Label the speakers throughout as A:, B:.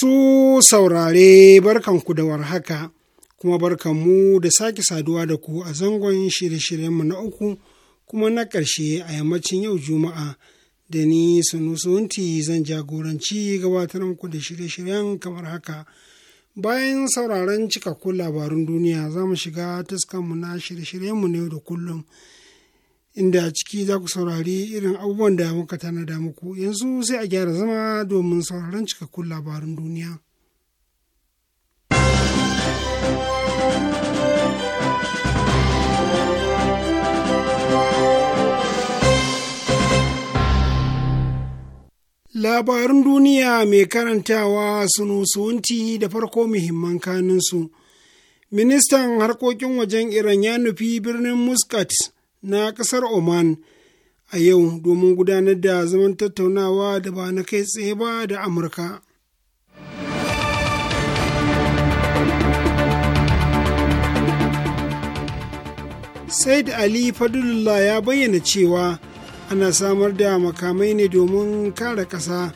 A: Masu saurare barkanku da warhaka, kuma barkanmu da sake saduwa da ku a zangon shirye-shiryenmu na uku kuma na ƙarshe a yammacin yau Juma'a da ni Sunusunti zan jagoranci gabatar muku da shirye-shiryen kamar haka. Bayan sauraron cikakkun labarun duniya za mu shiga taskanmu na shirye-shiryenmu na yau da kullum. inda a ciki za ku saurari irin abubuwan da muka tanada muku yanzu sai a gyara zama domin sauraron cikakkun labarin duniya. Labarin duniya mai karantawa sunu suwunti da farko muhimman kaninsu. Ministan harkokin wajen Iran ya nufi birnin Muscat. na ƙasar Oman a yau domin gudanar da zaman tattaunawa da ba na kai tsaye ba da Amurka. Said Ali Fadulullah ya bayyana cewa ana samar da makamai ne domin kare ƙasa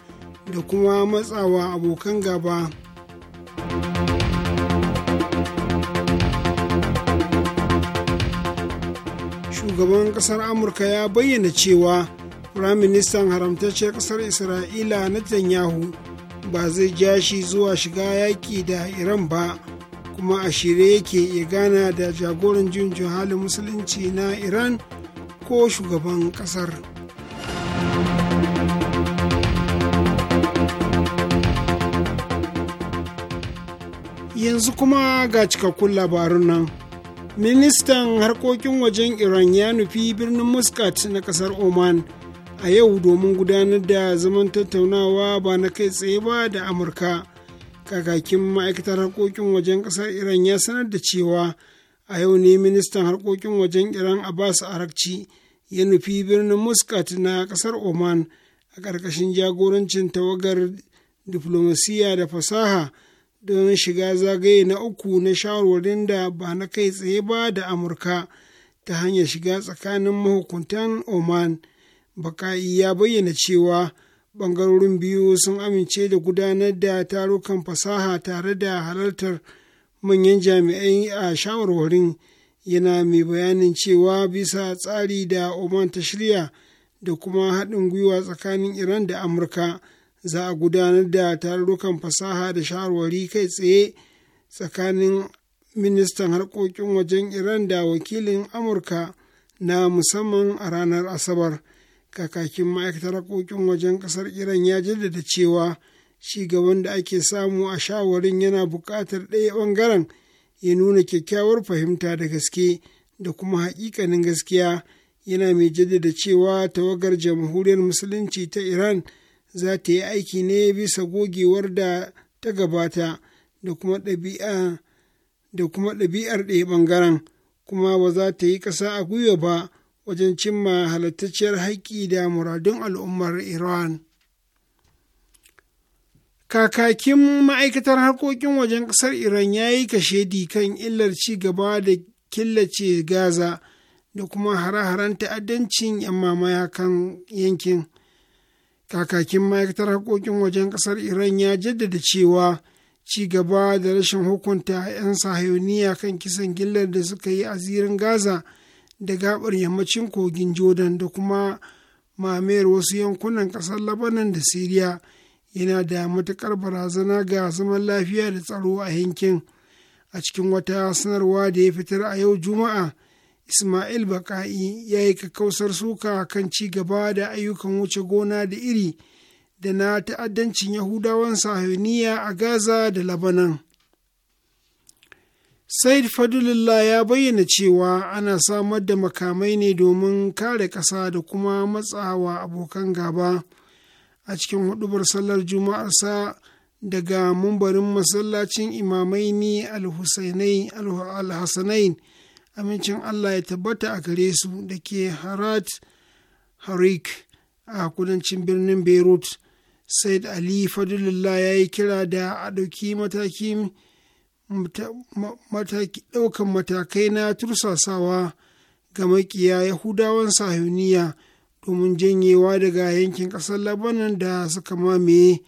A: da kuma matsawa abokan gaba. shugaban kasar amurka ya bayyana cewa firaministan haramtacciyar kasar isra'ila netanyahu ba zai ja shi zuwa shiga yaƙi da iran ba kuma a shirye yake ya gana da jagoran juyin halin musulunci na iran ko shugaban kasar yanzu kuma ga cikakkun labarun nan ministan harkokin wajen iran ya nufi birnin muscat na kasar oman a yau domin gudanar da zaman tattaunawa ba na kai tsaye ba da amurka kakakin ma'aikatar harkokin wajen kasar iran ya sanar da cewa a yau ne ministan harkokin wajen iran a abbas arakci ya nufi birnin muscat na kasar oman a ƙarƙashin jagorancin tawagar diflomasiya da fasaha don shiga zagaye na uku na shawarwarin da ba na kai tsaye ba da amurka ta hanyar shiga tsakanin mahukuntan oman baka'i ya bayyana cewa ɓangarorin biyu sun amince da gudanar da tarukan fasaha tare da halartar manyan jami'ai a shawarwarin yana mai bayanin cewa bisa tsari da oman ta shirya da kuma haɗin gwiwa tsakanin iran da amurka. za a gudanar da tarurrukan fasaha da shawarwari kai tsaye tsakanin ministan harkokin wajen iran da wakilin amurka na musamman a ranar asabar kakakin ma'aikatar harkokin wajen kasar iran ya jaddada cewa gaban da ake samu a shawarin yana buƙatar ɗaya ɓangaren ya nuna kyakkyawar fahimta da gaske da kuma haƙiƙanin gaskiya yana mai jaddada cewa tawagar jamhuriyar musulunci ta iran za ta yi aiki ne bisa gogewar da ta gabata da kuma ɗabi'ar ɗaya ɓangaren kuma ba za ta yi ƙasa a gwiwa ba wajen cimma halittacciyar haƙƙi da muradun al'ummar iran kakakin ma'aikatar harkokin wajen ƙasar iran ya yi kashedi kan illar ci gaba da killace gaza da kuma hare-haren ta'addancin 'yan mamaya kan yankin kakakin ma'aikatar haƙoƙin wajen ƙasar iran ya jaddada cewa ci gaba da rashin hukunta 'yan sahayoniya kan kisan gillar da suka yi a zirin gaza da gabar yammacin kogin jordan da kuma mamayar wasu yankunan ƙasar labanan da siriya yana da matuƙar barazana ga zaman lafiya da tsaro a yankin a cikin wata sanarwa da ya fitar a yau juma'a Ismail Baka'i ya yi kakkausar suka kan ci gaba da ayyukan wuce gona da iri da na ta'addancin Yahudawan sahiniya a Gaza da Labanan. Said Fadulullah ya bayyana cewa ana samar da makamai ne domin kare ƙasa da kuma matsawa abokan gaba a cikin hudubar sallar juma'arsa daga mumbarin masallacin imamai al husainain al hassanain al amincin Allah ya tabbata a gare su da ke Harat Harik a kudancin birnin Beirut. Said Ali Fadulullah ya yi kira da a ɗauki ɗaukan matakai na tursasawa ga makiya Yahudawan sahuniya domin janyewa daga yankin ƙasar Labanan da suka mamaye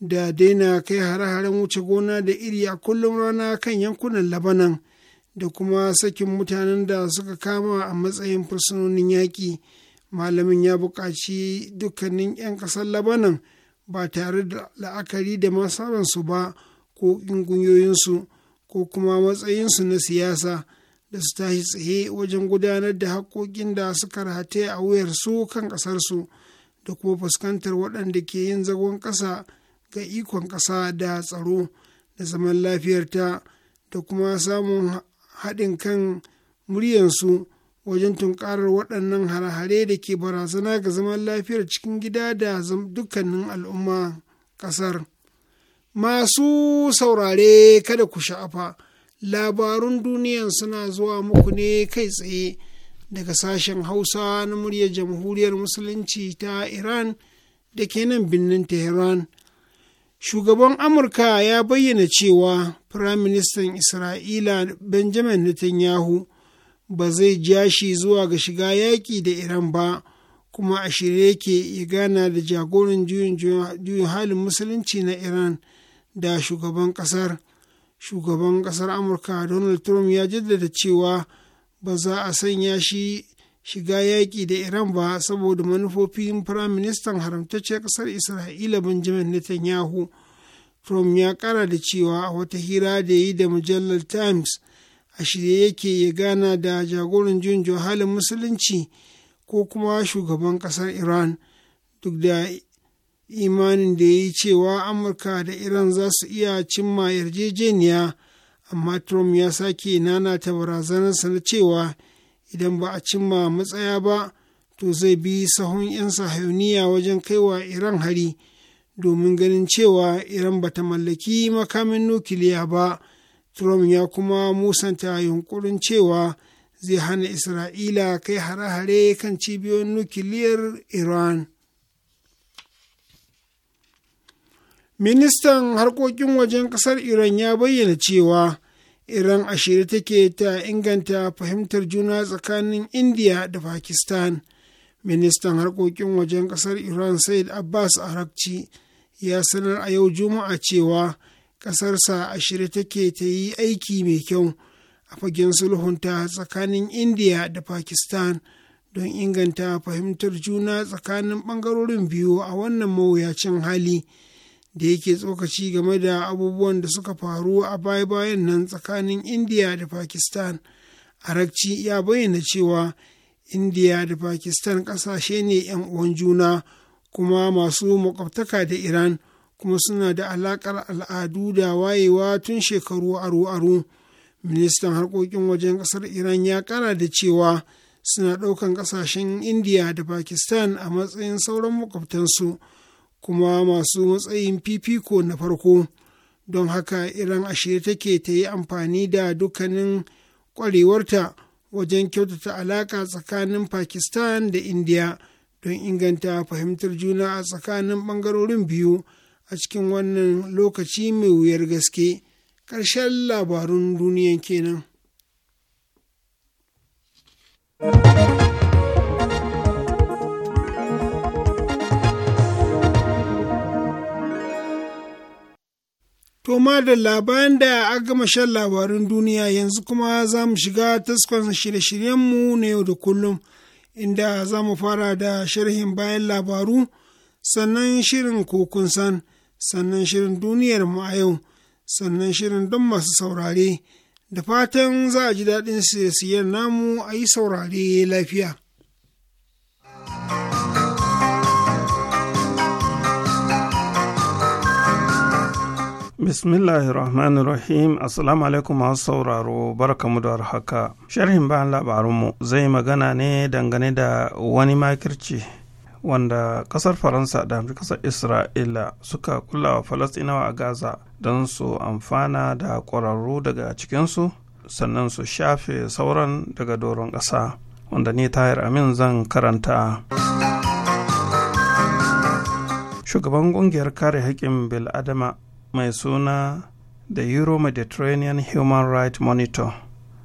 A: da daina kai hare-haren wuce gona da iri a kullum rana kan yankunan Labanan. da kuma sakin mutanen da suka kama a matsayin fursunonin yaƙi malamin ya buƙaci dukkanin 'yan ƙasar labanan ba tare da la'akari da masararsu ba ko ƙungiyoyinsu ko kuma matsayinsu na siyasa da su tashi tsaye wajen gudanar da haƙoƙin da suka rataya a wuyarsu kan ƙasarsu da kuma fuskantar waɗanda ke yin zagon ƙasa ga ikon ƙasa da tsaro da zaman lafiyarta da kuma samun haɗin kan muryansu wajen tunkarar waɗannan hare-hare da ke barazana ga zaman lafiyar cikin gida da dukkanin al'umma ƙasar. Masu saurare kada ku sha'afa, labarun duniyan suna zuwa muku ne kai tsaye daga sashen Hausa na muryar Jamhuriyar Musulunci ta Iran da ke nan birnin Tehran. Shugaban Amurka ya bayyana cewa Firaministan Isra'ila Benjamin Netanyahu ba zai ja shi zuwa ga shiga yaƙi da Iran ba, kuma a shirye yake ya gana da jagoran juyin halin musulunci na Iran da shugaban ƙasar. Shugaban ƙasar Amurka Donald Trump ya jaddada cewa ba za a sanya shi shiga yaƙi da Iran ba saboda manufofin Firaministan haramtacce ƙasar Isra'ila Benjamin Netanyahu. Trump ya ƙara da cewa a wata hira da yi da mujallar Times a shirye yake ya gana da jagoran jin halin musulunci ko kuma shugaban ƙasar Iran duk da imanin da ya yi cewa Amurka da Iran za su iya cimma yarjejeniya amma Trump ya sake nana ta barazanarsa na cewa. idan ba a cimma matsaya ba to zai bi sahun 'yan sahayuniya wajen kaiwa iran hari domin ganin cewa iran ba ta mallaki makamin nukiliya ba trump ya kuma musanta yunkurin cewa zai hana isra'ila kai hare-hare kan cibiyoyin nukiliyar iran ministan harkokin wajen kasar iran ya bayyana cewa Iran a shirye take ta inganta fahimtar juna tsakanin India da Pakistan. Ministan harkokin wajen ƙasar Iran Said Abbas Arakci ya sanar a yau Juma'a cewa ƙasarsa a shirye take ta yi aiki mai kyau a fagen sulhunta tsakanin India da Pakistan don inganta fahimtar juna tsakanin bangarorin biyu a wannan mawuyacin hali. da yake tsokaci game da abubuwan da suka faru a baya-bayan nan tsakanin indiya da pakistan arakci ya bayyana cewa indiya da pakistan ƙasashe ne 'yan uwan juna kuma masu makwabtaka da iran kuma suna da alaƙar al'adu da wayewa tun shekaru aru-aru ministan harkokin wajen ƙasar iran ya kara da cewa suna ɗaukan ƙasashen indiya da pakistan a matsayin sauran makwabtansu. kuma masu matsayin fifiko na farko don haka iran ashirin take ta yi amfani da dukkanin kwarewarta wajen kyautata alaƙa tsakanin pakistan da India don inganta fahimtar juna a tsakanin bangarorin biyu a cikin wannan lokaci mai wuyar gaske ƙarshen labarun duniyan kenan. To madalla bayan da a gama shan labarun duniya yanzu kuma za mu shiga taskon shirye-shiryenmu na yau da kullum inda za mu fara da sharhin bayan labaru sannan shirin kokun san sannan shirin duniyar mu a yau sannan shirin don masu saurare da fatan za a ji daɗin siyar namu a yi saurare lafiya.
B: Bismillahirrahmanirrahim. Rahim Assalamu alaikum masu sauraro barkamu da haka. Sharhin bayan labarunmu zai magana ne dangane da wani makirci wanda kasar Faransa da kasar Isra'ila suka kula wa Falastinawa a Gaza don su amfana da ƙwararru daga cikinsu sannan su shafe sauran daga doron ƙasa wanda ni tahir amin zan karanta. shugaban kungiyar kare haƙƙin bil'adama mai suna the euro mediterranean human rights monitor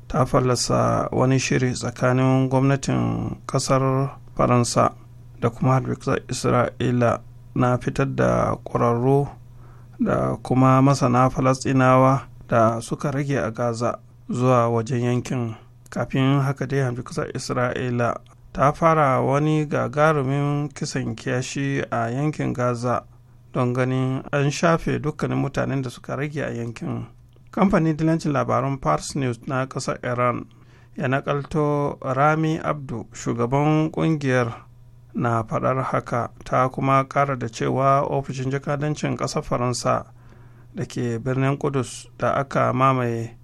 B: ta fallasa wani shiri tsakanin gwamnatin kasar faransa da kuma hadwiksar isra'ila na fitar da ƙwararru da kuma masana falastinawa da suka rage a gaza zuwa wajen yankin kafin haka dai hadwiksar isra'ila ta fara wani gagarumin kisan kiyashi a yankin gaza don ganin an shafe dukkanin mutanen da suka rage a yankin kamfanin dilancin labarun pars news na ƙasar iran ya nakalto rami abdu shugaban kungiyar na faɗar haka ta kuma ƙara da cewa ofishin jakadancin ƙasar faransa da ke birnin kudus da aka mamaye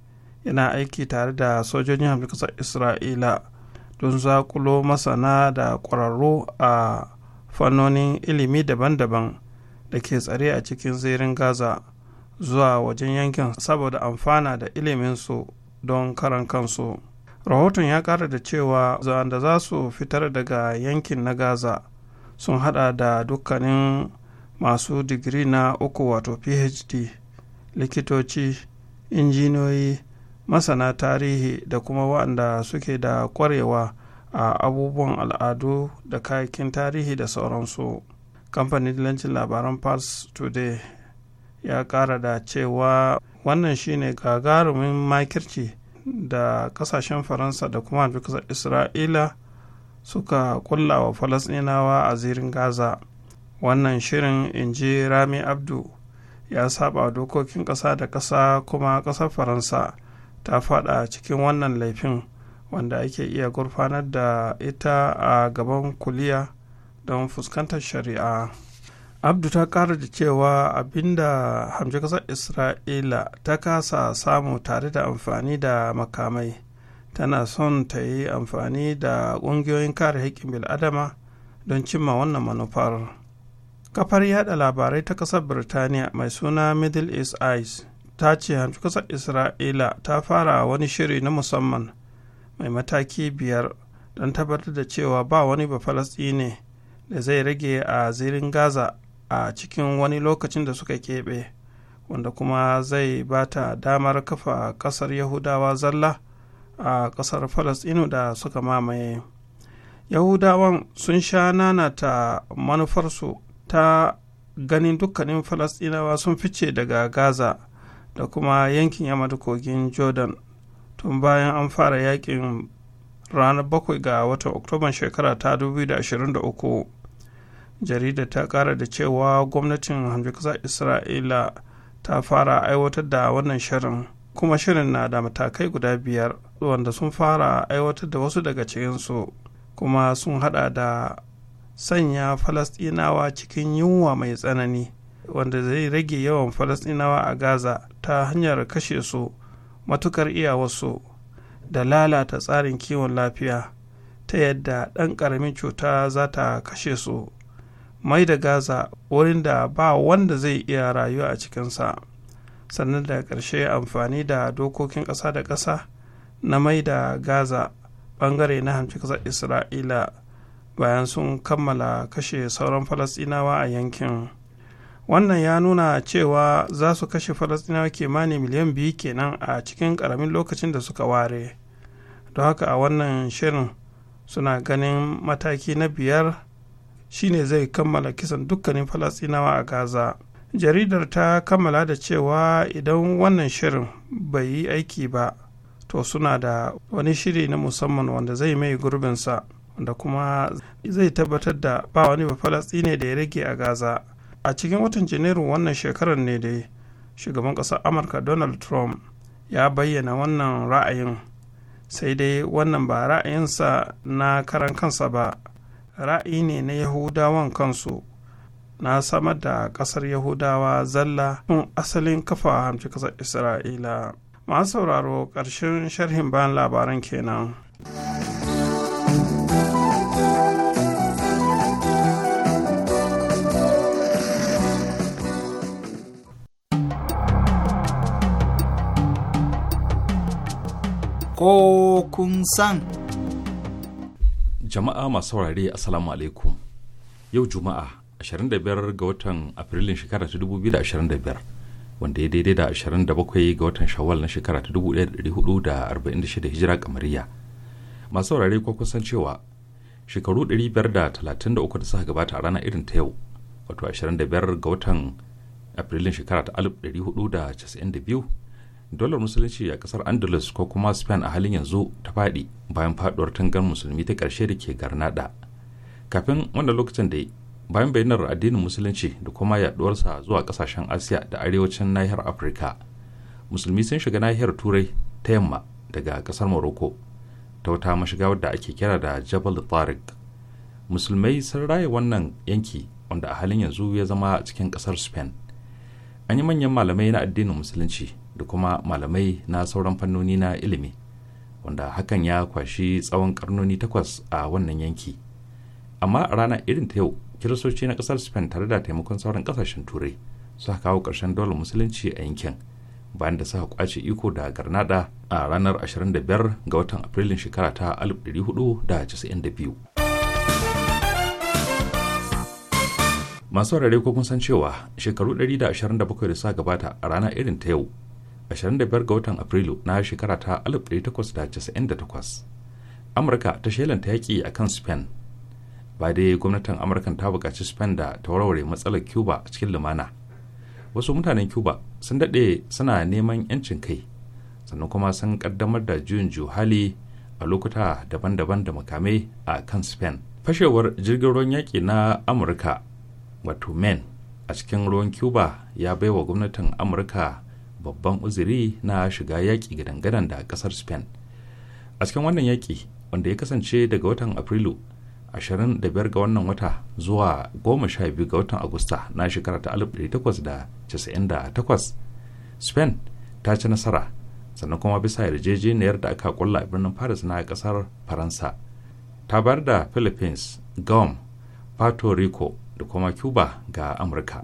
B: yana aiki tare da sojojin hamdu ƙasar isra'ila don zakulo masana da ƙwararru a fannonin ilimi daban-daban da ke tsare a cikin zirin gaza zuwa wajen yankin saboda amfana da iliminsu don karan kansu rahoton ya kara da cewa da za su fitar daga yankin na gaza sun hada da dukkanin masu digiri na uku wato phd likitoci injiniyoyi masana tarihi da kuma waɗanda suke da kwarewa a abubuwan al'adu da kayakin tarihi da sauransu kamfanin lancin labaran pars today ya kara da cewa wannan shine gagarumin makirci da kasashen faransa da kuma kasar isra'ila suka kulla wa falasinawa a zirin gaza wannan shirin in ji rami abdu ya saba dokokin ƙasa da ƙasa kuma ƙasar faransa ta fada cikin wannan laifin wanda ake iya gurfanar da ita a gaban kuliya don fuskantar shari'a abdu ta ƙara da cewa abinda hamji kasar isra'ila ta kasa samu tare da amfani da makamai tana son ta yi amfani da ƙungiyoyin kare haƙƙin bil'adama don cimma wannan manufar kafar yada labarai ta ƙasar birtaniya mai suna middle east eyes ta ce hamji ƙasar isra'ila ta fara wani shiri na musamman mai mataki biyar don tabbatar da cewa ba wani ba ne da zai rage a zirin gaza a cikin wani lokacin da suka keɓe wanda kuma zai ba ta damar kafa ƙasar yahudawa zalla a ƙasar falasɗinu da suka mamaye yahudawan sun sha nanata manufarsu ta ganin dukkanin falasɗinawa sun fice daga gaza da kuma yankin yamma kogin jordan tun bayan an fara yakin ranar 7 ga watan oktoban shekara ta 2023 jaridar ta kara da cewa gwamnatin hamdukasar isra'ila ta fara aiwatar da wannan shirin kuma shirin na da matakai guda biyar wanda sun fara aiwatar da wasu daga cikinsu kuma sun hada da sanya falastinawa cikin yunwa mai tsanani wanda zai rage yawan falastinawa a gaza ta hanyar kashe su matukar iyawarsu da lalata tsarin kiwon lafiya ta yadda ɗan ƙaramin cuta za ta kashe su mai da gaza wurin da ba wanda zai iya rayuwa a cikinsa sannan da ƙarshe amfani da dokokin ƙasa da ƙasa na mai da gaza ɓangare na hamci ƙasar isra'ila bayan sun kammala kashe sauran falasɗinawa a yankin wannan ya nuna cewa za su kashe falasɗinawa kimanin miliyan biyu kenan a cikin ƙaramin lokacin da suka ware don haka a wannan shirin suna ganin mataki na biyar shine zai kammala kisan dukkanin falasinawa a gaza jaridar ta kammala da cewa idan wannan shirin bai yi aiki ba to suna da wani shiri na musamman wanda zai mai gurbinsa wanda kuma zai tabbatar da ba wani ba falasine da ya rage a gaza a cikin watan janairun wannan shekarar ne dai shugaban ƙasar amurka donald trump ya bayyana wannan ra'ayin sai dai wannan ba ra'ayinsa na karan kansa ba ra'ayi ne na yahudawan kansu na samar da ƙasar yahudawa zalla tun asalin kafa hamci ƙasar isra'ila masu sauraro ƙarshen sharhin bayan labaran kenan.
C: ko kun san.
D: Jama'a masu saurare Assalamu alaikum. Yau Juma'a 25 ga watan Afrilun shekara ta 2025 wanda ya daidai da 27 ga watan Shawwal na shekara ta 1446 Hijira kamariya. Masu saurare ko kusan cewa shekaru 533 da suka gabata a rana irin ta yau wato 25 ga watan Afrilun shekara ta 1492 dolar musulunci a kasar andalus ko kuma spain a halin yanzu ta faɗi bayan faduwar tangar musulmi ta karshe da ke garnada kafin wannan lokacin da bayan bayyanar addinin musulunci da kuma yaduwarsa zuwa kasashen asiya da arewacin nahiyar afirka musulmi sun shiga nahiyar turai ta yamma daga kasar morocco ta wata mashiga wadda ake kira da jabal tariq musulmai sun raya wannan yanki wanda a halin yanzu ya zama cikin kasar spain an yi manyan malamai na addinin musulunci da kuma malamai na sauran fannoni na ilimi wanda hakan ya kwashi tsawon karnoni takwas a wannan yanki amma a rana irin ta yau kiristoci na kasar spain tare da taimakon sauran kasashen turai suka kawo ƙarshen dole musulunci a yankin bayan da suka kwace iko da garnada a ranar 25 ga watan afrilun shekara ta 1492 masu rarrai ko kun san cewa shekaru 127 da suka gabata a rana irin ta yau 25 ga watan Afrilu na shekara ta 1898. Amurka ta shelanta yaƙi a kan Spain. Ba dai gwamnatin Amurka ta buƙaci Spain da ta warware matsalar Cuba cikin lumana. Wasu mutanen Cuba sun daɗe suna neman 'yancin kai, sannan kuma sun ƙaddamar da juyin juhali a lokuta daban-daban da makamai a kan Spain. Fashewar jirgin ruwan yaƙi na Amurka, wato men a cikin ruwan Cuba ya baiwa gwamnatin Amurka babban uzuri na shiga yaƙi gidangadan da ƙasar spain a cikin wannan yaƙi wanda ya kasance daga watan afrilu 25 ga wannan wata zuwa 12 ga watan agusta na shekara ta 1898 spain ta ci nasara sannan kuma bisa yarjejeniyar da aka kulla a birnin paris na ƙasar faransa ta bayar da philippines guam puerto rico da kuma cuba ga amurka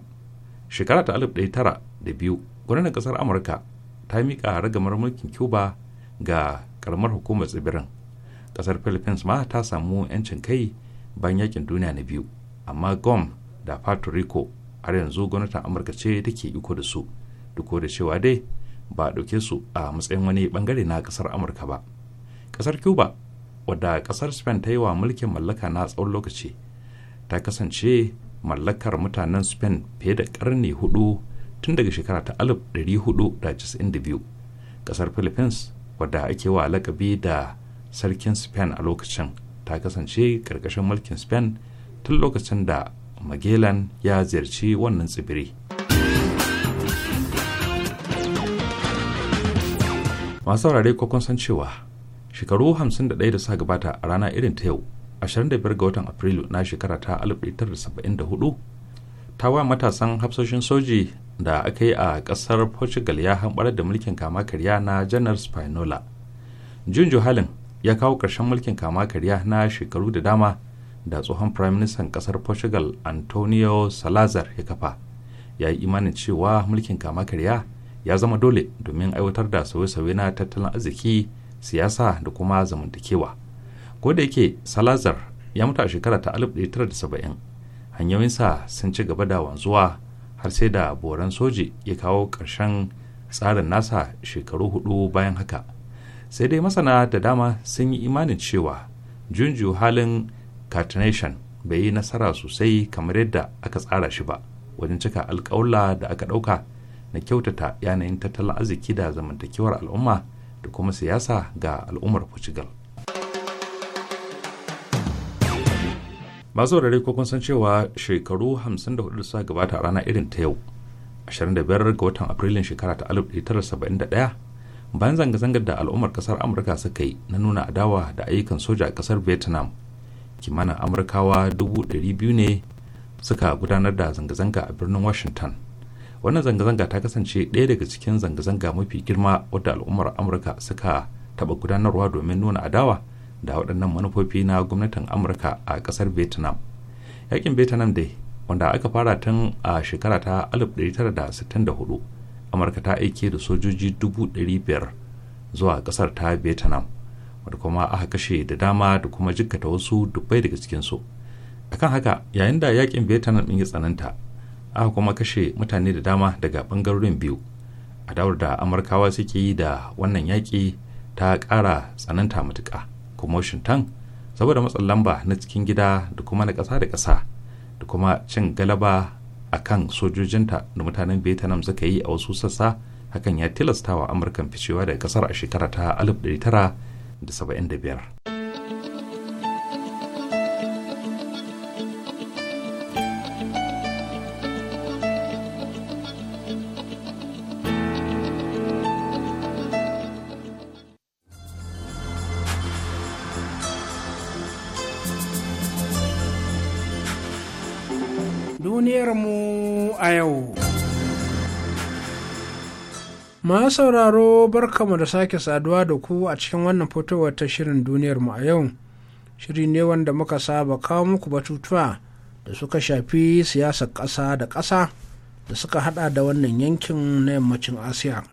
D: shekara ta 1902 gwamnatin kasar amurka ta miƙa ragamar mulkin cuba ga karamar hukumar tsibirin kasar philippines ma ta samu 'yancin kai bayan yakin duniya na biyu amma gom da puerto rico har yanzu gwamnatin amurka ce take iko da su duk da cewa dai ba a ɗauke su a matsayin wani bangare na kasar amurka ba kasar cuba wadda kasar spain ta yi wa mulkin mallaka na tsawon lokaci ta kasance mallakar mutanen spain fiye da karni hudu tun daga shekara ta 1492 kasar philippines wadda ake wa lakabi da sarkin spain a lokacin ta kasance karkashin mulkin spain tun lokacin da magellan ya ziyarci wannan tsibiri masu saurare ko kun san cewa shekaru 51 da suka gabata a rana irin ta yau 25 ga watan afrilu na shekara ta 1974 ta wa matasan hafsoshin soji da aka yi a ƙasar portugal ya hambar da mulkin kama karya na janar spinola junju halin ya kawo ƙarshen mulkin kama karya na shekaru da dama da tsohon firaministan ƙasar portugal antonio salazar ya kafa ya yi imanin cewa mulkin kama karya ya zama dole domin aiwatar da sauye-sauye na tattalin arziki siyasa da kuma zamantakewa ko da yake salazar ya mutu a shekara ta 1970 hanyoyinsa sun ci gaba da wanzuwa har sai da boran soji ya kawo ƙarshen tsarin nasa shekaru hudu bayan haka sai dai masana da dama sun yi imanin cewa junju halin catenation bai yi nasara sosai kamar yadda aka tsara shi ba wajen cika alkawla da aka ɗauka na kyautata yanayin tattalin arziki da zamantakewar al'umma da kuma siyasa ga al'ummar portugal masu ko kun san cewa shekaru 54 suka gabata a rana irin ta yau 25 ga watan afrilun shekara ta 1971 bayan zanga-zangar da al'ummar kasar amurka suka yi na nuna adawa da ayyukan soja a kasar vietnam kimanin amurkawa 200,000 ne suka gudanar da zanga-zanga a birnin washington wannan zanga-zanga ta kasance ɗaya daga cikin zanga-zanga mafi girma wadda al'ummar amurka suka taɓa gudanarwa domin nuna adawa da waɗannan manufofi na gwamnatin amurka a ƙasar vietnam yakin vietnam dai wanda aka fara tun a shekara ta 1964 amurka ta aike da sojoji 500,000 zuwa ƙasar ta vietnam wadda kuma aka kashe da dama da kuma jikkata wasu dubbai daga cikinsu akan haka yayin da yakin vietnam ɗin ya tsananta aka kuma kashe mutane da dama daga ɓangarorin biyu adawar da amurkawa suke yi da wannan yaƙi ta ƙara tsananta matuƙa. commotion tan saboda matsin lamba na cikin gida da kuma na ƙasa da ƙasa da kuma cin galaba a kan sojojinta da mutanen vietnam suka yi a wasu sassa hakan ya tilasta wa amurkan ficewa daga ƙasar a shekara ta 1975
E: mu a yau. Ma sauraro barkamu da sake saduwa da ku a cikin wannan fitowar ta shirin duniyarmu a yau. Shiri ne wanda muka saba kawo muku batutuwa da suka shafi siyasar ƙasa da ƙasa da suka hada da wannan yankin na yammacin Asiya.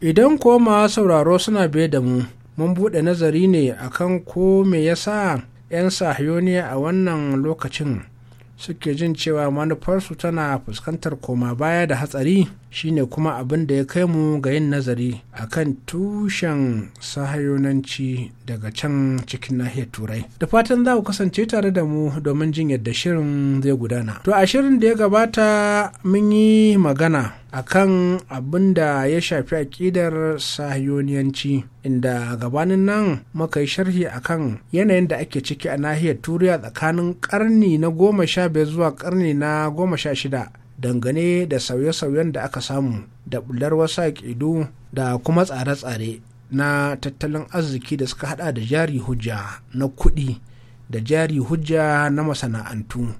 E: Idan koma sauraro suna bai da mu. mun buɗe nazari ne akan ko me yasa 'yan sahiyoniya a wannan lokacin suke jin cewa manufarsu tana fuskantar koma baya da hatsari shine kuma abin da ya kai mu ga yin nazari a kan tushen sahayonanci daga can cikin nahiyar turai da fatan za ku kasance tare da mu domin jin yadda shirin zai gudana to a shirin da ya gabata mun yi magana akan abin da ya shafi aƙidar sahayoniyanci inda gabanin nan muka yi sharhi akan yanayin da ake ciki a nahiyar turai tsakanin ƙarni na goma sha biyar zuwa ƙarni na goma sha shida dangane da sauye-sauyen da aka samu da bular wasu aƙidu da kuma tsare-tsare na tattalin arziki da suka hada da jari hujja na kuɗi da jari hujja na masana'antu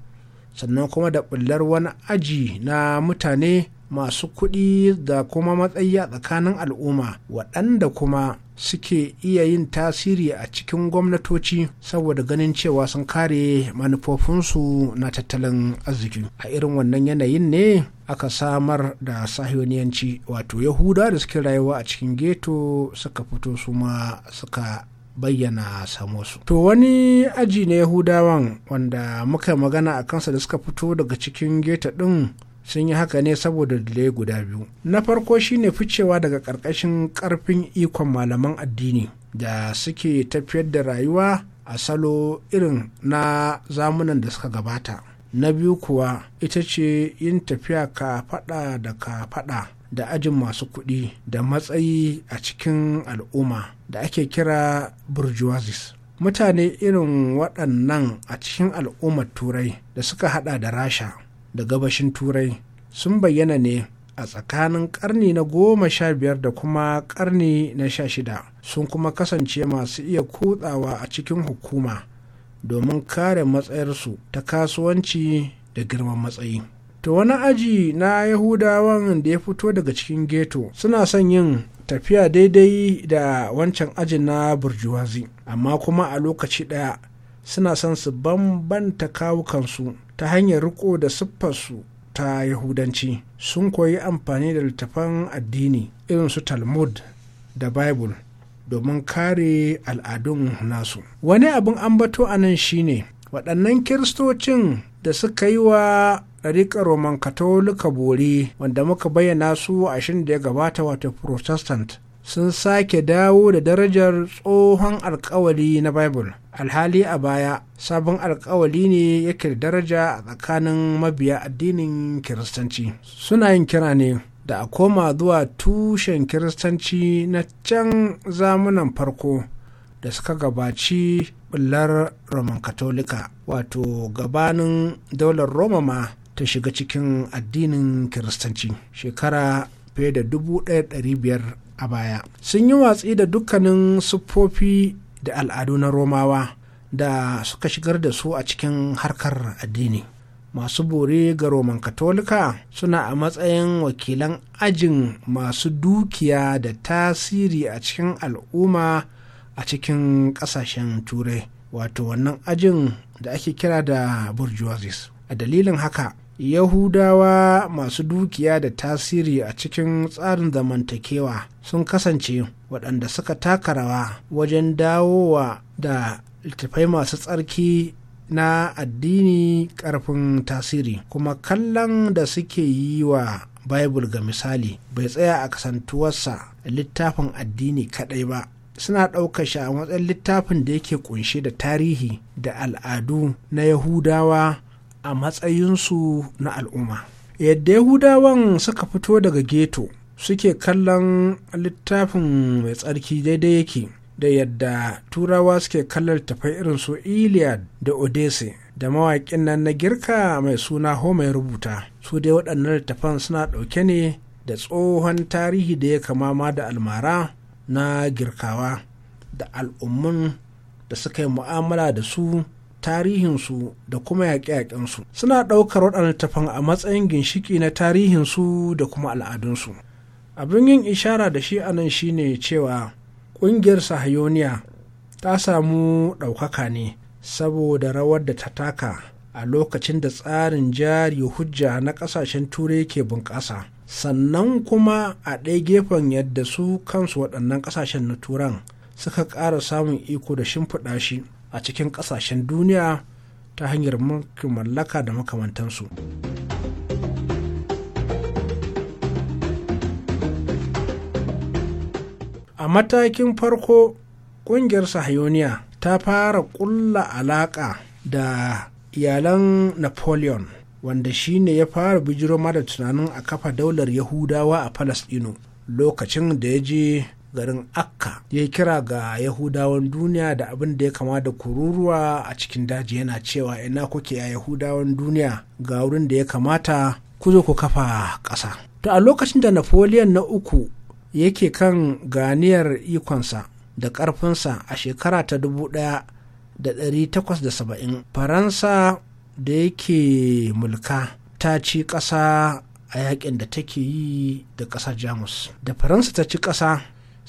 E: sannan kuma da bular wani aji na mutane masu kuɗi da kuma matsayi a tsakanin al'umma waɗanda kuma suke iya yin tasiri a cikin gwamnatoci saboda ganin cewa sun kare manufofinsu na tattalin arziki a irin wannan yanayin ne aka samar da sahiyoniyanci wato yahuda da suke rayuwa a cikin geto suka fito su ma suka bayyana samosu. To wani aji na Yahudawan wanda muka magana a kansa da suka fito daga cikin geta ɗin sun yi haka ne saboda dalilai guda biyu na farko shine ficewa daga ƙarƙashin ƙarfin ikon malaman addini da suke tafiyar da rayuwa a salo irin na zamunan da suka gabata na biyu kuwa ita ce yin tafiya ka fada da ka fada da ajin masu kuɗi da matsayi a cikin al'umma da ake kira bourgeoisis mutane irin waɗannan a cikin al'ummar turai da suka hada da rasha da gabashin turai sun bayyana ne a tsakanin karni na goma sha biyar da kuma karni na sha shida sun kuma kasance masu iya kutsawa a cikin hukuma domin kare matsayarsu ta kasuwanci da girman matsayi to wani aji na yahudawan da ya fito daga cikin ghetto, suna son yin tafiya daidai da wancan ajin na burjuwazi amma kuma a lokaci ɗaya suna son su bambanta kawukansu ta hanyar riko da siffarsu ta yahudanci sun koyi amfani da littafan addini irin su talmud da bible domin kare al'adun nasu wani abin ambato a nan shine waɗannan kiristocin da suka yi wa ɗariƙar roman katolika bori wanda muka bayyana su a shirin da ya gabata wato protestant sun sake dawo da darajar tsohon alkawali na bible alhali a baya sabon alkawali ne yake da daraja a tsakanin mabiya addinin kiristanci suna yin kira ne da a koma zuwa tushen kiristanci na can zamunan farko da suka gabaci bullar roman katolika wato gabanin daular roma ma ta shiga cikin addinin kiristanci shekara fiye da 1500 a baya sun yi watsi da dukkanin siffofi da al'adu na romawa da suka shigar da su a cikin harkar addini masu bore ga roman katolika suna a matsayin wakilan ajin masu dukiya da tasiri a cikin al'umma a cikin kasashen turai wato wannan ajin da ake kira da burjuwazis a dalilin haka yahudawa masu dukiya da tasiri a cikin tsarin zamantakewa sun kasance waɗanda suka taka rawa wajen dawowa da littattafai masu tsarki na addini ƙarfin tasiri kuma kallon da suke yi wa bible ga misali bai tsaya a kasantuwarsa littafin addini kaɗai ba suna ɗaukar shi a matsayin littafin da yake ƙunshe da tarihi da al'adu na yahudawa a matsayinsu na al'umma yadda yahudawan suka fito daga geto suke kallon littafin mai tsarki daidai yake da yadda turawa suke kallon tafai irin su iliad da odese da mawaƙin nan na girka mai suna homer rubuta su dai waɗannan littafan suna ɗauke ne da tsohon tarihi da ya kamama da almara na girkawa da al'ummun da suka yi mu'amala da su tarihinsu da kuma yaƙe-yaƙensu suna ɗaukar waɗannan tafan a matsayin ginshiki na tarihinsu da kuma al'adunsu abin yin ishara da shi anan shine cewa ƙungiyar sahayoniya ta samu ɗaukaka ne saboda rawar da ta taka a lokacin da tsarin jari hujja na ƙasashen turai ke bunƙasa sannan kuma a ɗaya gefen yadda su kansu waɗannan ƙasashen na turan suka ƙara samun iko da shimfiɗa shi a cikin kasashen duniya ta hanyar mulkin mallaka da makamantansu. a matakin farko ƙungiyar sahayoniya ta fara ƙulla alaƙa da iyalan napoleon wanda shi ne ya fara bijiro da tunanin a kafa daular yahudawa a Falasɗinu, lokacin da ya je garin Akka ya kira ga Yahudawan duniya da abin da ya kama da kururuwa a cikin daji yana cewa ina kuke a Yahudawan duniya ga wurin da ya kamata ku zo ku kafa ƙasa. To a lokacin da Napoleon na uku yake kan ganiyar ikonsa da ƙarfinsa a shekara ta dubu ɗaya ɗari takwas da saba'in faransa da yake mulka ta ci ƙasa a yaƙin da take yi da ƙasar jamus da faransa ta ci ƙasa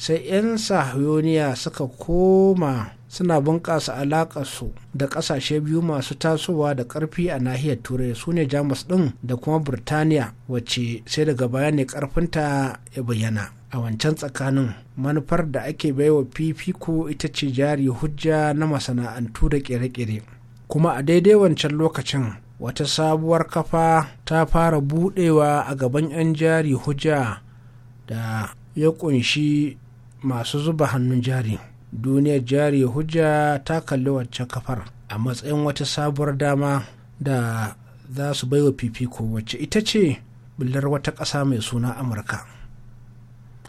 E: sai 'yan sahiyoniya suka koma suna bunƙasa alaƙarsu da ƙasashe biyu masu tasowa da ƙarfi a nahiyar turai su ne jamus ɗin da kuma birtaniya wacce sai daga baya ne ƙarfinta ya bayyana a wancan tsakanin manufar da ake baiwa fifiko ita ce jari hujja na masana'antu da ƙere-ƙere kuma a daidai wancan lokacin wata sabuwar kafa ta fara budewa a gaban 'yan jari hujja da ya kunshi masu zuba hannun jari duniyar jari hujja ta kalli wacce kafar a matsayin wata sabuwar dama da za su bai wa fifiko wacce ita ce billar wata ƙasa mai suna amurka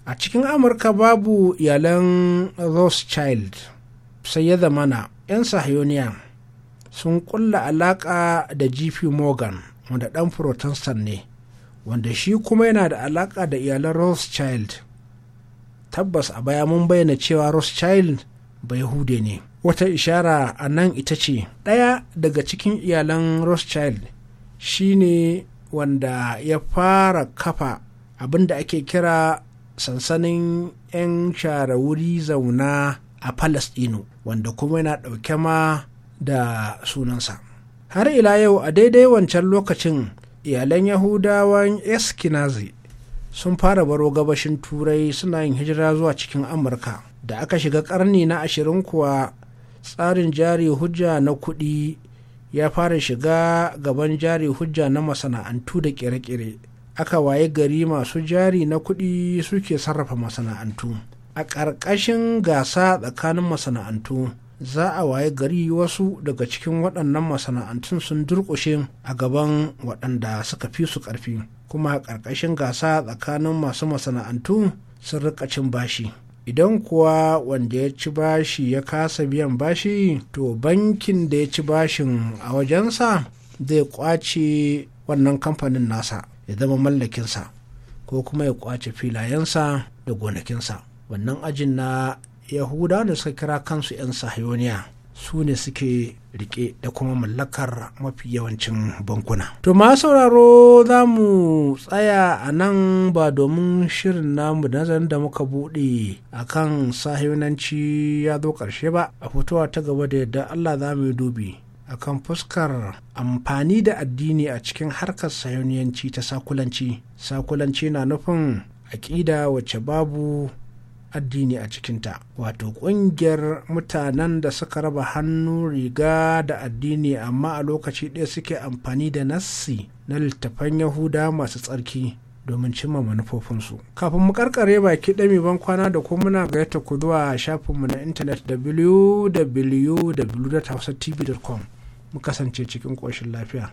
E: a cikin amurka babu iyalan rothschild sai ya zamana 'yan sahayoniya sun kulla alaƙa da gp morgan wanda ɗan protestant ne wanda shi kuma yana da alaƙa da iyalan rothschild tabbas a baya mun bayyana cewa rothschild ba yahude ne wata ishara a nan ita ce ɗaya daga cikin iyalan rothschild shine wanda ya fara kafa abin da ake kira sansanin 'yan share wuri zauna a palestino wanda kuma yana ɗauke ma da sunansa har ila yau a daidai wancan lokacin iyalan yahudawan eskinazi sun fara baro gabashin turai suna yin hijira zuwa cikin amurka da aka shiga karni na ashirin kuwa tsarin jari hujja na kuɗi ya fara shiga gaban jari hujja na masana'antu da kere-kere aka waye gari masu jari na kuɗi suke sarrafa masana'antu a ƙarƙashin gasa tsakanin masana'antu za a waye gari wasu daga cikin waɗannan masana'antun sun durƙushe a gaban waɗanda suka fi su ƙarfi kuma a ƙarƙashin gasa tsakanin masu masana'antu sun rika cin bashi idan kuwa wanda ya ci bashi ya kasa biyan bashi to bankin da ya ci bashin a wajensa zai kwace wannan kamfanin nasa ya zama mallakinsa ko kuma ya kwace filayensa da gonakinsa wannan ajin na yahuda da suka kira kansu 'yan sahiyoniya su ne suke rike da kuma mallakar mafi yawancin bankuna. To ma sauraro za mu tsaya a nan ba domin shirin namu da nazarin da muka buɗe a kan sahiyonanci ya zo ƙarshe ba a fitowa ta gaba da yadda Allah za mu yi dubi a kan fuskar amfani da addini a cikin harkar sahiyoniyanci ta sakulanci. Sakulanci na nufin aƙida wacce babu addini a cikinta wato ƙungiyar mutanen da suka raba hannu riga da addini amma a lokaci ɗaya suke amfani da nassi na littafan yahuda masu tsarki domin cimma manufofinsu kafin mu karkare baki ɗami ban kwana da kuma muna gayyata ku zuwa shafinmu na intanet www.hausatv.com mu kasance cikin ƙoshin lafiya.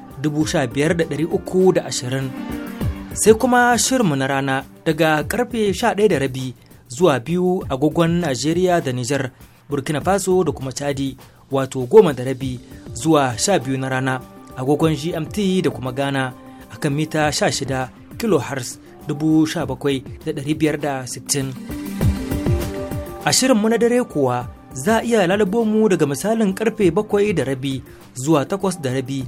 F: ashirin sai kuma shirinmu na rana daga karfe rabi zuwa biyu agogon Najeriya da Nijar Burkina Faso da kuma Chadi wato goma da rabi zuwa sha biyu na rana agogon GMT da kuma Ghana akan mita shida kHz dubu sha bakwai da A shirinmu na dare kuwa za a iya lalabo mu daga misalin karfe bakwai da rabi zuwa takwas da rabi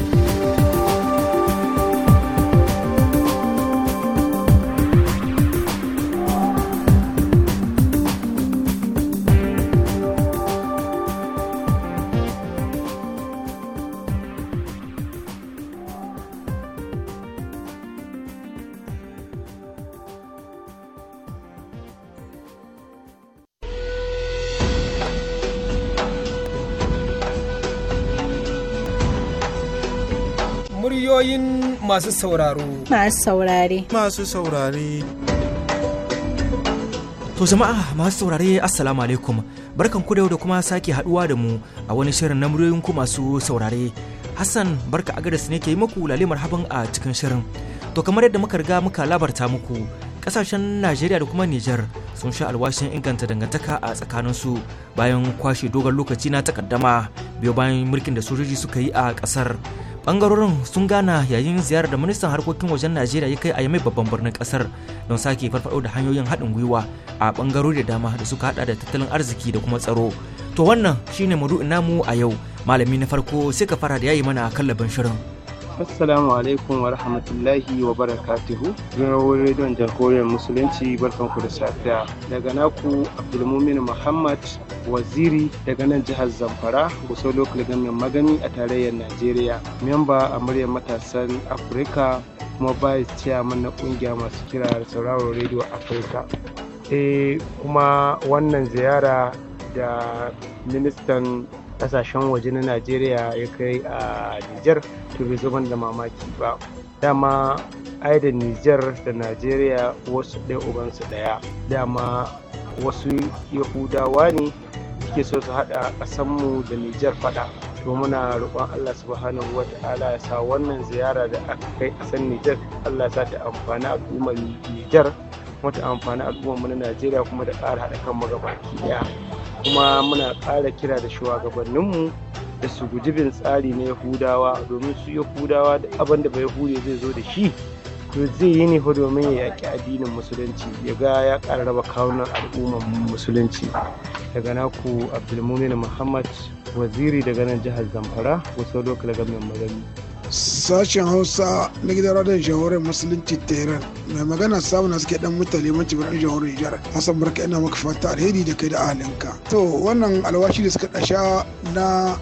A: masu sauraro.
G: Masu saurare.
F: Masu saurare. To jama'a masu saurare assalamu alaikum barkan ku da da kuma sake haduwa da mu a wani shirin na muryoyin ku masu saurare. Hassan barka agadis ne ke yi muku lalimar habin a cikin shirin. To kamar yadda muka riga muka labarta muku kasashen najeriya da kuma nijar sun sha alwashin inganta dangantaka a tsakaninsu bayan kwashe dogon lokaci na takaddama biyo bayan mulkin da sojoji suka yi a kasar bangarorin sun gana yayin ziyarar da ministan harkokin wajen najeriya ya kai a yamai babban birnin kasar don sake farfado da hanyoyin haɗin gwiwa a bangarori da dama da suka hada da tattalin arziki da kuma tsaro to wannan shine maudu'in namu a yau malami na farko sai ka fara da yayi mana kallabin shirin
H: Assalamu alaikum wa rahmatullahi wa barakatuhu. Zurawar rediyon jamhuriyar musulunci barkanku da safiya. Daga naku Abdulmumin Muhammad Waziri daga nan jihar Zamfara, Gusau Local Government Magani a tarayyar Najeriya. Memba a muryar matasan Afirka kuma bai Chairman na kungiya masu kira da sauraron rediyo Afirka. Eh kuma wannan ziyara da ministan kasashen waje na najeriya ya kai a nijar to bai zama da mamaki ba dama ai da nijar da najeriya wasu ɗaya ubansu ɗaya dama wasu yahudawa ne suke so su haɗa mu da nijar faɗa to muna roƙon Allah subhanahu wa ta'ala ya sa wannan ziyara da aka kai ƙasar Nijar Allah ya sa ta amfani al'ummar Nijar kuma ta amfani al'ummar mu na Najeriya kuma da ƙara haɗa kan mu ɗaya kuma muna ƙara kira da shugabanninmu da su guji bin tsari na yahudawa domin su yahudawa da abin da bai hure zai zo da shi to zai yi ne fa domin ya yaƙi addinin musulunci ya ga ya ƙara raba kawunan al'ummar musulunci daga naku abdulmumin muhammad waziri daga nan jihar zamfara wasu lokacin daga mai magani
I: sashen hausa na gidan radon jamhuriyar musulunci tehran mai magana samun suke dan mutane mace birnin jamhuriyar nijar hassan barka ina maka fata alheri da kai da ahalinka to wannan alwashi da suka dasha na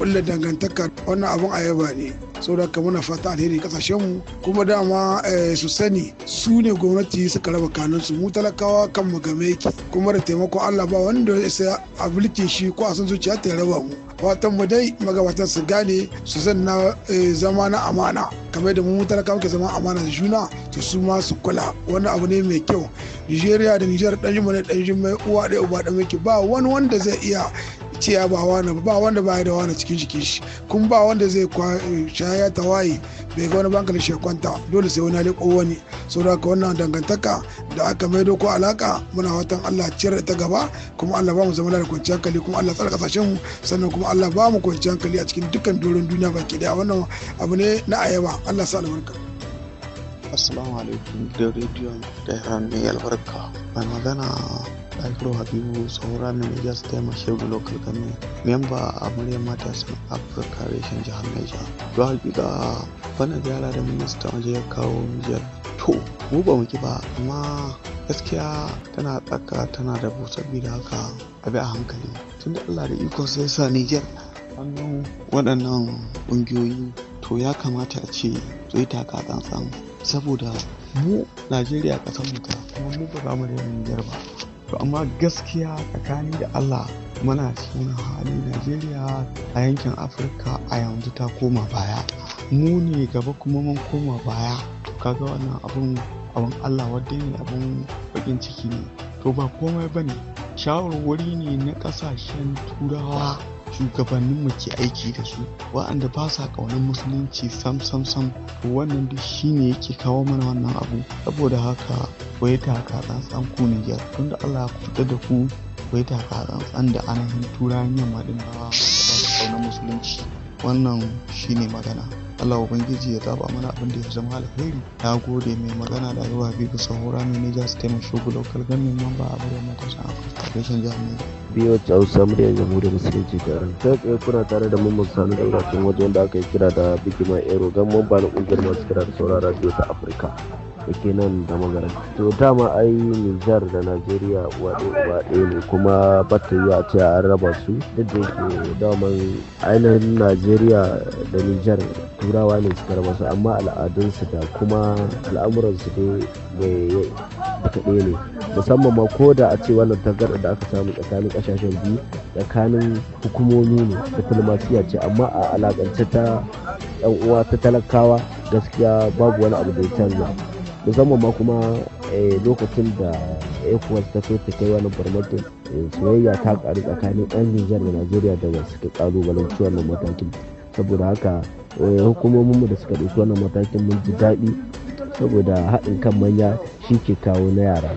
I: kulle eh, dangantaka wannan abin ayaba ne saboda haka muna fata alheri kasashenmu kuma dama eh, su sani su ne gwamnati suka raba kanunsu mu talakawa kan mu game kuma da taimakon allah ba wanda ya bilkin shi ko a san zuciya ta raba mu fatan mu dai magabatan su gane su zanna eh, zama na amana kamar da mu mutane kawai zama amana da juna to su ma su kula wani abu ne mai kyau nigeria da nijar dan jima ne dan jima uwa da uba da muke ba wani wanda zai iya Ciya ya ba wani ba wanda ba da wani cikin jikin shi kuma ba wanda zai eh, shaya ta waye bai ga wani bankan shi kwanta dole sai wani leƙo wani saboda ka wannan dangantaka da aka maido ko alaka muna watan Allah ciyar da ta gaba kuma Allah ba mu zama da kwanciyar hankali kuma Allah tsara kasashen mu sannan kuma Allah ba mu kwanciyar hankali a cikin dukkan doron duniya baki daya wannan abu ne na ayaba Allah sa albarka
J: Assalamu alaikum radio da Tehran mai albarka. Mai magana Ɗahiru Habibu saura mai Niger State Mashegu Local Government. Memba a muryar matasan africa reshen jihar Niger. Don hakika bana ziyara da minista waje ya kawo Niger. To, mu ba mu ki ba, amma gaskiya tana tsaka tana da saboda haka abi a hankali. Tunda Allah da ikon sai sa Niger hannun waɗannan ƙungiyoyi to ya kamata a ce zai taka tsantsan saboda mu najeriya ƙasar mu ta kuma mu ba za mu daina niger ba to amma gaskiya tsakani da allah muna cikin hali najeriya a yankin afirka a yanzu ta koma baya mu ne gaba kuma mun koma baya to kaga wannan abun abun allah wadda ne abun bakin ciki ne to ba komai ba ne shawarwari ne na kasashen turawa shugabanninmu ke aiki da su wa'anda ba sa ƙaunar musulunci sam sam sam wannan duk shine yake kawo mana wannan abu saboda haka ku yi taka tsantsan ku Nijar tunda Allah ya fitar da ku ku yi taka tsantsan da ainihin turayen yamma din ba ba su ƙaunar musulunci wannan shine magana. Allah ubangiji ya zaba mana abin da ya zama alheri na gode mai magana da yawa bibu sahura mai ne su taimaka shugu lokal gamin mamba a bari matasan afirka rashin jami'a
C: biyo hausa muryar jamhuriyar musulunci garin ta kai kuna tare da mun sanu da wajen wajen da aka yi kira da bigima ero gan ba na kungiyar masu kira da sauran radio ta afirka da ke nan da magana to ma ai nijar da najeriya waɗe uba ne kuma bata yi a ce an raba su duk da yake daman ainihin najeriya da nijar turawa ne suka raba su amma al'adunsu da kuma al'amuransu dai duka ɗaya ne musamman ma ko da a ce wannan tangarɗa da aka samu tsakanin ƙasashen biyu tsakanin hukumomi ne diplomasiya ce amma a alakance ta yan uwa ta talakawa gaskiya babu wani abu da ya canza musamman ma kuma eh, lokacin da ecowas ta so ta kai wani barmatin eh, soyayya ta ƙaru tsakanin yan nijar da najeriya da wasu ke kalubalanci wannan matakin saboda haka Eh, hukumomin mu da suka ɗauki wannan matakin mun ji daɗi saboda haɗin kan manya shi ke kawo na yara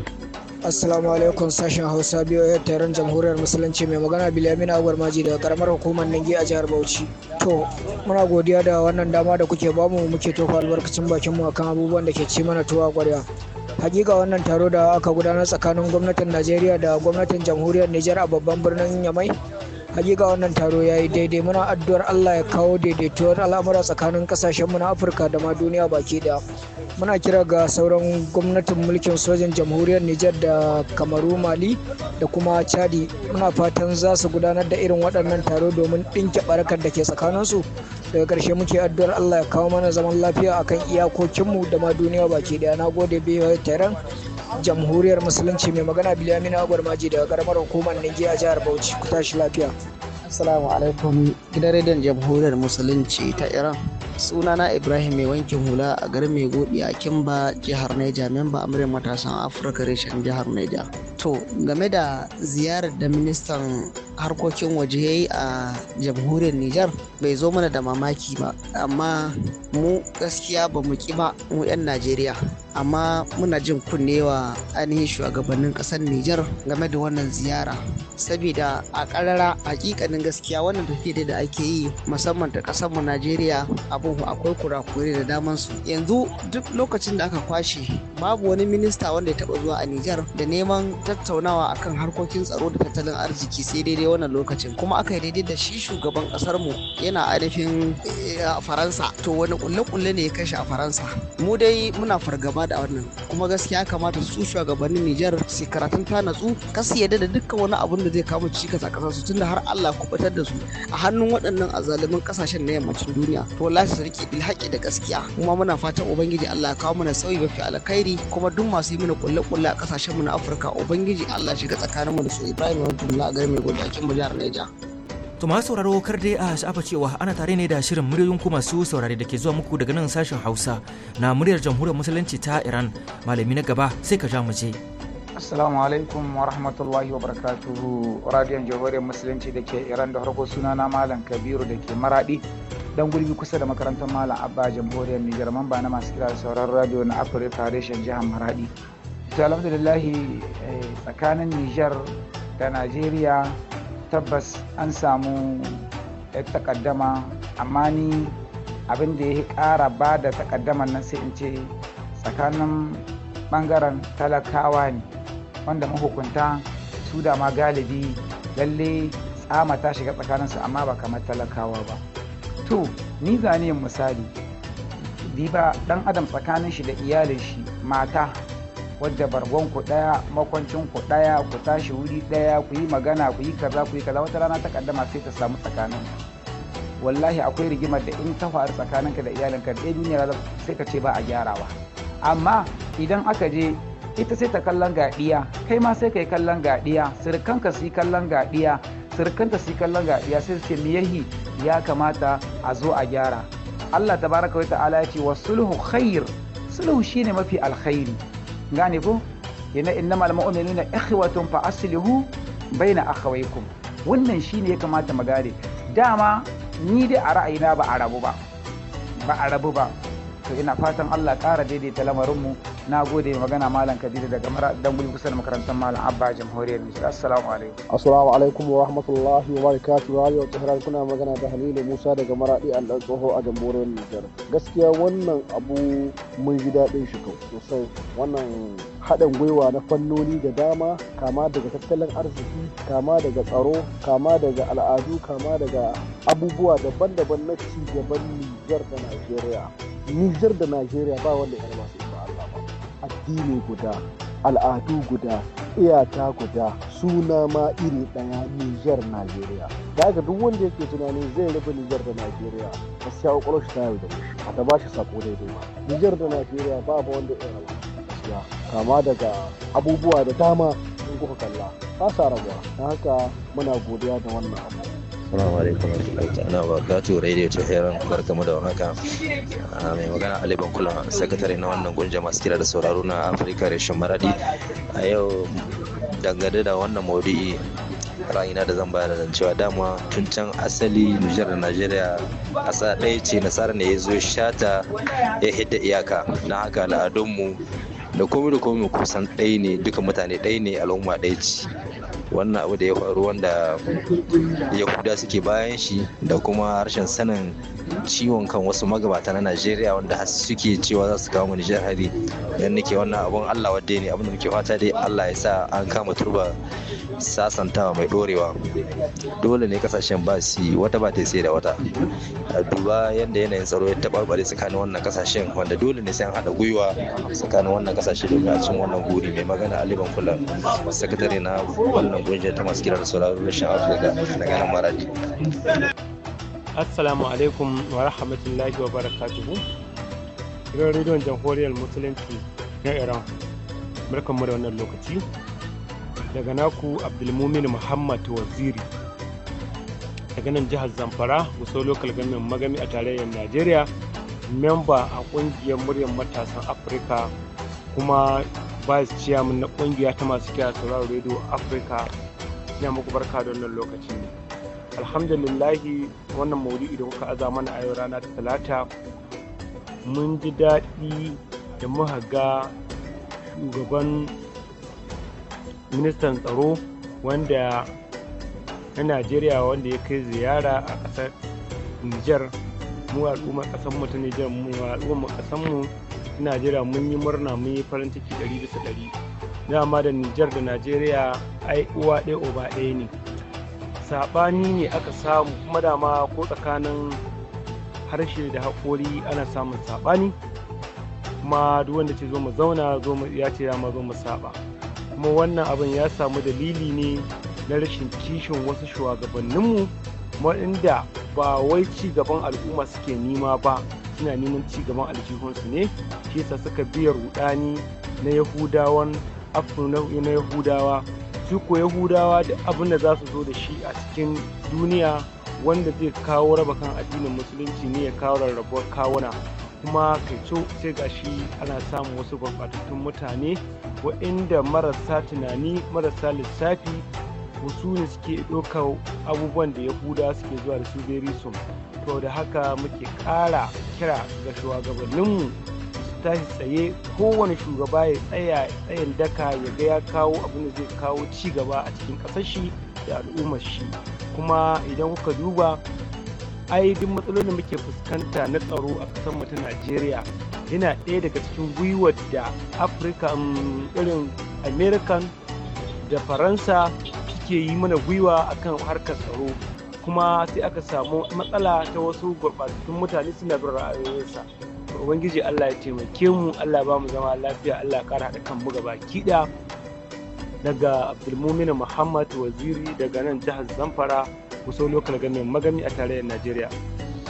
K: Assalamu alaikum sashen Hausa biyu a taron jamhuriyar musulunci mai magana bilamina Agwar Maji daga karamar hukumar Ningi a jihar Bauchi. To, muna godiya da wannan dama da kuke bamu muke tofa albarkacin bakinmu akan abubuwan da ke ci mana tuwa kwarya. hakika wannan taro da aka gudanar tsakanin gwamnatin najeriya da gwamnatin jamhuriyar nijar a babban birnin yamai hakika wannan taro ya yi daidai muna addu'ar allah ya kawo daidaituwar al'amura tsakanin kasashen mu na afirka da ma duniya baki daya muna kira ga sauran gwamnatin mulkin sojin jamhuriyar nijar da kamaru mali da kuma chadi muna fatan za su gudanar da irin waɗannan taro domin ɗinke barakar da ke tsakanin su daga ƙarshe muke addu'ar allah ya kawo mana zaman lafiya akan iyakokinmu da ma duniya baki daya na gode biyu jamhuriyar musulunci mai magana bilamina gwarmaji daga karamar hukumar nigiya jihar bauchi ku tashi lafiya assalamu alaikum gidan rediyon jamhuriyar musulunci ta iran sunana ibrahim mai wankin hula a garin mai godi a kimba jihar neja memba amurin matasan afirka reshen jihar neja to game da ziyarar da ministan harkokin waje ya yi a jamhuriyar Nijar bai zo mana da mamaki ba amma mu gaskiya ba mu ki ba mu 'yan Najeriya amma muna jin kunnewa ainihin shugabannin kasar Nijar game da wannan ziyara saboda a ƙarara hakikanin gaskiya wannan tafiya da ake yi musamman ta ƙasar mu Najeriya abu akwai kurakure da daman su yanzu duk lokacin da aka kwashe babu wani minista wanda ya taɓa zuwa a Nijar da neman tattaunawa akan harkokin tsaro da tattalin arziki sai daidai wannan lokacin kuma aka yi daidai da shi shugaban ƙasar mu yana ainihin eh, Faransa to wani ƙulle kulle ne ya kashe a Faransa mu dai muna fargaba da wannan kuma gaskiya kamata su shugabannin Nijar su karatun ta natsu kar su yarda da dukkan wani abun da zai kama cikas a kasar su tunda har Allah kubatar da su a hannun waɗannan azzalumin kasashen na yammacin duniya to wallahi su rike haƙi da gaskiya kuma muna fatan ubangiji Allah ya kawo mana sauyi mafi alkhairi kuma duk masu yi mana kulle-kulle a kasashen mu na Afirka ubangiji Allah shiga tsakanin mu da su Ibrahim
F: Abdullahi a mai godiya a kin jihar Niger To masu sauraro kar dai a sha'afa cewa ana tare ne da shirin muryoyin ku masu saurare da ke zuwa muku daga nan sashen Hausa na muryar jamhuriyar musulunci ta Iran malami na gaba sai ka ja mu je.
L: Assalamu alaikum wa rahmatullahi wa barakatuhu radiyon jamhuriyar musulunci da ke Iran da harko suna na Malam Kabiru da ke maraɗi dan gurbi kusa da makarantar Malam Abba jamhuriyar Nijar mamba na masu kira sauran radio na Afirka reshen jihar Maradi. To alhamdulillahi eh, tsakanin Nijar da Najeriya tabbas an samu takaddama amma ni abin da ya ƙara ba da takaddama nan sai in ce tsakanin bangaren talakawa ne wanda mahukunta su da ma galibi lalle tsama ta shiga tsakaninsu amma ba kamar talakawa ba to ni zane misali diba ɗan adam tsakanin shi da iyalin shi mata wadda bargon ku daya makwancin ku daya ku tashi wuri daya ku yi magana ku yi kaza ku yi kaza wata rana ta kaddama sai ta samu tsakanin wallahi akwai rigimar da in ta faru tsakaninka da iyalinka da duniya sai ka ce ba a gyarawa amma idan aka je ita sai ta kallon gaɗiya kai ma sai kai kallon gaɗiya sirkanka su yi kallon gaɗiya sirkanta su yi kallon gaɗiya sai su ce miyahi ya kamata a zo a gyara Allah tabaraka wa ta'ala ya ce wa sulhu khair sulhu shine mafi alkhairi gane ko yana inna malama umarni na ikhwatun fa aslihu baina akhawaykum wannan shine ya kamata mu gane dama ni dai a ra'ayina ba a rabu ba ba a rabu ba to ina fatan Allah ƙara daidaita lamarinmu na gode magana malam kadiri daga mara dan kusa da makarantar malam abba jamhuriyar nijar assalamu alaikum
C: assalamu alaikum wa rahmatullahi wa barakatuh radio tehran kuna magana da halilu musa daga maradi an dan tsoho a jamhuriyar nijar gaskiya wannan abu mun ji daɗin shi sosai wannan haɗin gwiwa na fannoni da dama kama daga tattalin arziki kama daga tsaro kama daga al'adu kama daga abubuwa daban-daban na ci gaban nijar da najeriya nijar da najeriya ba wanda ya masu addini guda al'adu guda iyaka guda suna ma iri ɗaya Nijar Najeriya. Da ga duk wanda yake tunani zai rufe Nijar da Najeriya gaskiya kwakwalwar shi ta yau da shi ta ba shi sako daidai ba. Nijar da Najeriya babu wanda ya rabu gaskiya kama daga abubuwa da dama in kuka kalla ba sa rabuwa. Ta haka muna godiya da wannan abu.
G: Assalamu alaikum warahmatullahi ta'ala barakatuh radio ta heran barkamu da haka ah, mai magana Ali Bankula sakatare na wannan gunja masu kira da sauraro na Afirka Reshen Maradi a yau dangane da wannan maudu'i ra'ayina da zan bayar da cewa dama tun can asali Nijar da Najeriya ƙasa ɗaya ce nasara ne ya zo shata ya hidda iyaka na haka al'adunmu da komai da komai kusan ɗaya ne duka mutane ɗaya ne al'umma ɗaya ce wannan abu da ya faru wanda yahuda suke bayan shi da kuma harshen sanin ciwon kan wasu magabata na najeriya wanda suke cewa za su kawo mu nijar hari idan nake wannan abun allah wadda ne abin da muke fata dai allah ya sa an kama turba sasantawa mai dorewa dole ne kasashen ba su wata ba ta sai da wata a duba yadda yanayin tsaro ya tabarbare tsakanin wannan kasashen wanda dole ne sai an haɗa gwiwa tsakanin wannan kasashe domin a cin wannan guri mai magana aliban kula sakatare na wannan kungiyar ta masu kira da sauraron rashin afirka daga nan maraji
H: assalamu alaikum wa rahmatullahi wa barakatuhu gidan rediyon jamhuriyar musulunci na iran barkanmu da wannan lokaci daga naku abdulmumin muhammad waziri daga nan jihar zamfara gusau lokal gamin magami a tarayyar najeriya memba a kungiyar muryar matasan afirka kuma vice chairman na kungiya ta masu kiyaye sauraron radio afirka ina muku barka da wannan lokaci alhamdulillahi wannan maudu'i idan kuka aza mana a yau rana ta talata mun ji daɗi da muka ga shugaban ministan tsaro wanda na najeriya wanda ya kai ziyara a ƙasar nijar mu al'ummar ƙasar mu ta mu al'ummar ƙasar mu ta najeriya mun yi murna mun yi farin ciki ɗari bisa ɗari dama da nijar da najeriya ai uwa ɗaya uba ɗaya ne saɓani ne aka samu kuma dama ko tsakanin harshe da haƙori ana samun saɓani kuma duk wanda ce zo mu zauna zo mu ya ce ya ma zo mu saɓa kuma wannan abin ya samu dalili ne na rashin kishin wasu shugabanninmu waɗanda ba wai ci gaban al'umma suke nima ba suna neman ci gaban aljihunsu ne shi sa suka biya rudani na yahudawan afro na yahudawa su ko yahudawa da abin da za su zo da shi a cikin duniya wanda zai kawo raba kan addinin musulunci ne ya kawo rarrabuwar kawuna kuma kaico sai gashi ana samun wasu gurɓatattun mutane waɗanda marasa tunani marasa lissafi su ne suke ɗaukar abubuwan da ya yahuda suke zuwa da su su to da haka muke ƙara kira ga shugabanninmu su tashi tsaye kowane shugaba ya tsaya tsayin daka ya ga ya kawo abin da zai kawo ci gaba a cikin ƙasashe da al'ummar shi kuma idan kuka duba ai duk matsalolin da muke fuskanta na tsaro a kasar mu ta Najeriya yana ɗaya daga cikin gwiwar da African irin American da Faransa suke yi mana gwiwa akan harkar tsaro kuma sai aka samu matsala ta wasu gurɓatattun mutane suna bin ra'ayoyinsa ubangiji allah ya taimake mu allah ba mu zama lafiya allah ya kara haɗa kan mu gaba kiɗa daga abdulmumin muhammad waziri daga nan jihar zamfara kusa Local Government Magami a tarayyar Najeriya.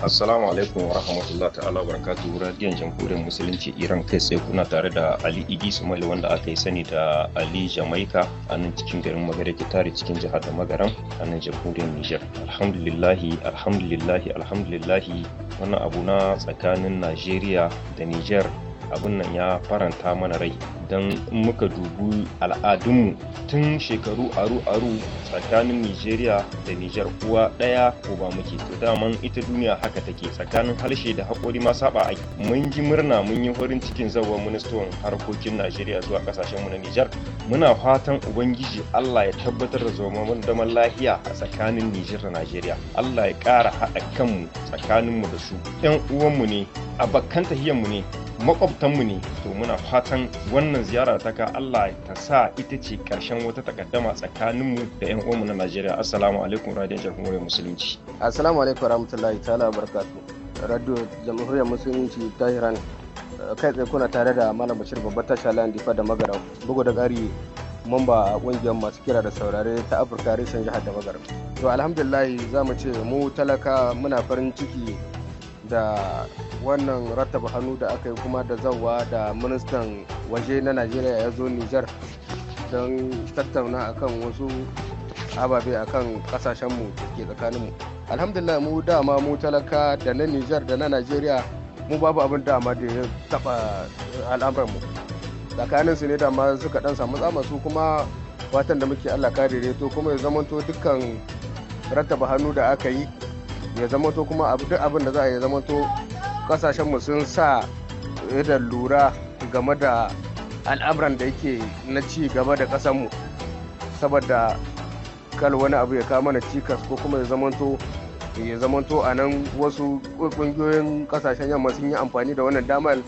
M: Assalamu alaikum wa rahmatullahi ta'ala wa radiyon jamhuriyar musulunci Iran kai sai kuna tare da Ali Idi Sumaili wanda aka yi sani da Ali Jamaika a nan cikin garin Magare tare cikin jihar da Magaram a nan jamhuriyar Nijar. Alhamdulillahi alhamdulillahi alhamdulillahi wannan abu na tsakanin Najeriya da Nijar abun nan ya faranta mana rai don muka dubi al'adunmu tun shekaru aru-aru tsakanin nigeria da Nijar, kuwa daya ko ba muke to daman ita duniya haka take tsakanin harshe da haƙori ma saba aiki mun ji murna mun yi horin cikin zawa ministan harkokin najeriya zuwa ƙasashen mu na Nijar. muna fatan ubangiji allah ya tabbatar da mun da lafiya a tsakanin Nijar da najeriya allah ya ƙara haɗa kanmu tsakaninmu da su 'yan uwanmu ne abakan mu ne makwabtanmu ne to muna fatan wannan ziyara ta ka Allah ta sa ita ce karshen wata takaddama tsakaninmu da ƴan uwanmu na Najeriya assalamu alaikum radiyon jamhuriyar musulunci
N: assalamu alaikum warahmatullahi ta'ala su radio jamhuriyar musulunci ta Iran eh, kai tsaye kuna tare da malam bashir babba tasha layan difa da magaram bugu da ƙari mamba a ƙungiyar masu kira da saurare ta afirka reshen jihar da magaram to alhamdulillah za mu ce mu talaka muna farin ciki da wannan rattaba hannu da aka yi kuma da zawa da ministan waje na najeriya ya zo nijar don tattauna akan wasu ababe akan kasashenmu da ke tsakaninmu alhamdulillah mu dama mu talaka da na nijar da na najeriya mu babu abin dama da ya taba al'amuranmu tsakanin su ne dama suka dan samu tsama su kuma fatan da muke allah kare to kuma ya zamanto dukkan rattaba hannu da aka yi ya zama to kuma duk abin da za a ya zamanto mu sun sa da lura game da al'amuran da yake na ci gaba da kasanmu saboda kal wani abu ya kama na cikas ko kuma ya zamanto ya eh, zamanto a nan wasu kungiyoyin kasashen yamma sun yi amfani da wannan damar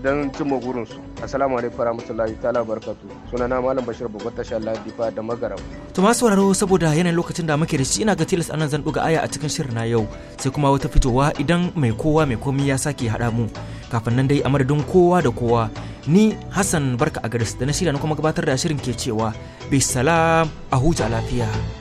N: don cimma gurinsu assalamu alaikum warahmatullahi ta'ala barkatu na malam bashir babbar tashar ladifa da magaram
F: to masu sauraro saboda yanayin lokacin da muke da shi ina ga tilas anan zan ɗuga aya a cikin shirin na yau sai kuma wata fitowa idan mai kowa mai komi ya sake haɗa mu kafin nan dai a madadin kowa da kowa ni hassan barka a garis da na shirya na kuma gabatar da shirin ke cewa bisalam a huta lafiya